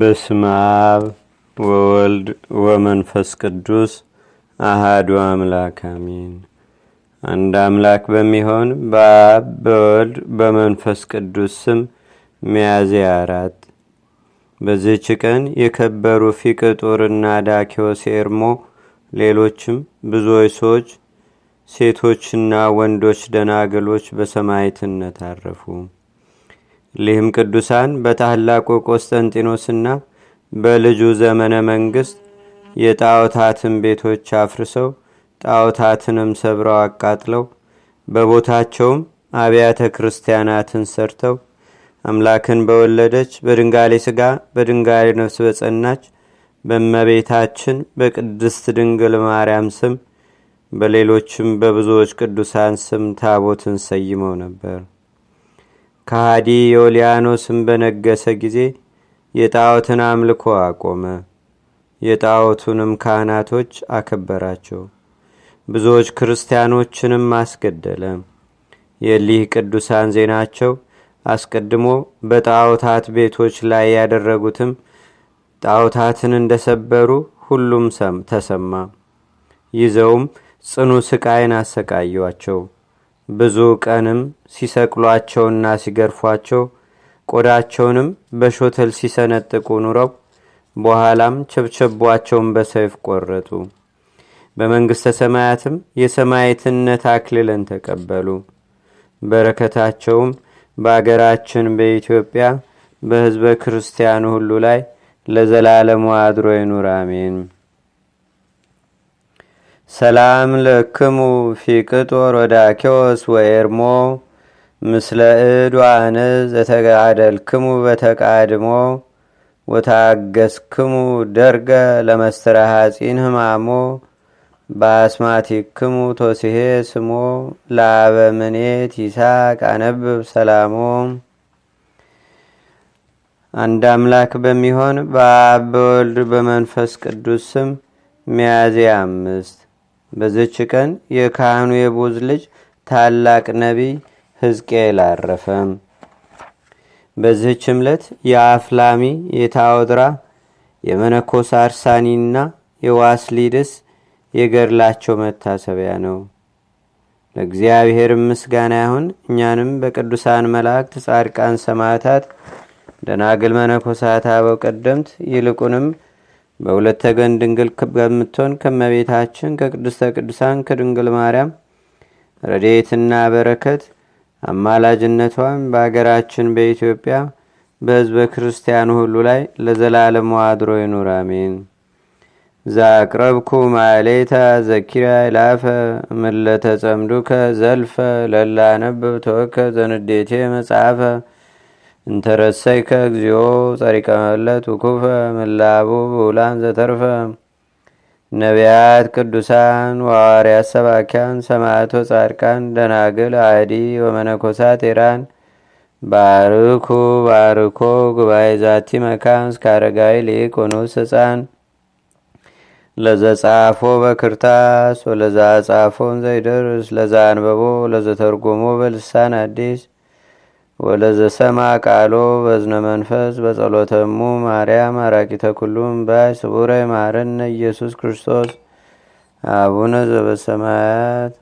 በስመ አብ ወወልድ ወመንፈስ ቅዱስ አሃዱ አምላክ አሜን። አንድ አምላክ በሚሆን በአብ በወልድ በመንፈስ ቅዱስ ስም ሚያዝያ አራት በዚች ቀን የከበሩ ፊቅጦርና ዳኪዎስ ኤርሞ፣ ሌሎችም ብዙዎች ሰዎች ሴቶችና ወንዶች ደናግሎች በሰማዕትነት አረፉ። ሊህም ቅዱሳን በታላቁ ቆስጠንጢኖስና በልጁ ዘመነ መንግሥት የጣዖታትን ቤቶች አፍርሰው ጣዖታትንም ሰብረው አቃጥለው በቦታቸውም አብያተ ክርስቲያናትን ሰርተው አምላክን በወለደች በድንጋሌ ሥጋ በድንጋሌ ነፍስ በጸናች በመቤታችን በቅድስት ድንግል ማርያም ስም በሌሎችም በብዙዎች ቅዱሳን ስም ታቦትን ሰይመው ነበር። ከሃዲ ዮልያኖስም በነገሰ ጊዜ የጣዖትን አምልኮ አቆመ። የጣዖቱንም ካህናቶች አከበራቸው። ብዙዎች ክርስቲያኖችንም አስገደለ። የሊህ ቅዱሳን ዜናቸው አስቀድሞ በጣዖታት ቤቶች ላይ ያደረጉትም ጣዖታትን እንደሰበሩ ሁሉም ተሰማ። ይዘውም ጽኑ ስቃይን አሰቃዩቸው። ብዙ ቀንም ሲሰቅሏቸውና ሲገርፏቸው ቆዳቸውንም በሾተል ሲሰነጥቁ ኑረው በኋላም ቸብቸቧቸውን በሰይፍ ቆረጡ። በመንግሥተ ሰማያትም የሰማይትነት አክልለን ተቀበሉ። በረከታቸውም በአገራችን በኢትዮጵያ በሕዝበ ክርስቲያኑ ሁሉ ላይ ለዘላለሙ አድሮ ይኑር፣ አሜን። ሰላም ለክሙ ፊቅጦር ወዳኪዎስ ወኤርሞ ምስለ እድ ዋህንዝ ዘተጋደልክሙ በተቃድሞ ወታገስክሙ ደርገ ለመስተረ ለመስተራሃጺን ህማሞ በአስማቲክሙ ቶሲሄ ስሞ ምኔት ይሳቅ አነብብ ሰላሞ አንድ አምላክ በሚሆን በአብ በወልድ በመንፈስ ቅዱስ ስም ሚያዝያ አምስት በዘች ቀን የካህኑ የቦዝ ልጅ ታላቅ ነቢይ ሕዝቅኤል አረፈ። በዚህች እምለት የአፍላሚ፣ የታወድራ፣ የመነኮስ አርሳኒና የዋስሊድስ የገድላቸው መታሰቢያ ነው። ለእግዚአብሔር ምስጋና ይሁን። እኛንም በቅዱሳን መላእክት፣ ጻድቃን፣ ሰማዕታት፣ ደናግል፣ መነኮሳት፣ አበው ቀደምት ይልቁንም በሁለት ገን ድንግል ከምትሆን ከመቤታችን ከቅድስተ ቅዱሳን ከድንግል ማርያም ረዴትና በረከት አማላጅነቷን በአገራችን በኢትዮጵያ በሕዝበ ክርስቲያኑ ሁሉ ላይ ለዘላለም ዋድሮ ይኑር፣ አሜን። ዛቅረብኩ ማሌታ ዘኪርያ ይላፈ ጸምዱከ ዘልፈ ለላነብብ ተወከ ዘንዴቴ መጽሐፈ እንተረሰይከ እግዚኦ ጸሪቀመለት ውኩፈ ምላቡ ብውላን ዘተርፈ ነቢያት ቅዱሳን ዋርያት ሰባኪያን ሰማዕቶ ጻድቃን ደናግል አዲ ወመነኮሳት ኤራን ባርኩ ባርኮ ጉባኤ ዛቲ መካን እስከ አረጋዊ ሊቅ ወንኡስ ህፃን ለዘጻፎ በክርታስ ወለዛ ጻፎን ዘይደርስ ለዛ አንበቦ ለዘተርጎሞ በልሳን አዲስ ወለዘሰማ ቃሎ በዝነ መንፈስ በጸሎተሙ ማርያም አራቂተ ኩሉም ባይ ስቡረ ማረነ ኢየሱስ ክርስቶስ አቡነ ዘበሰማያት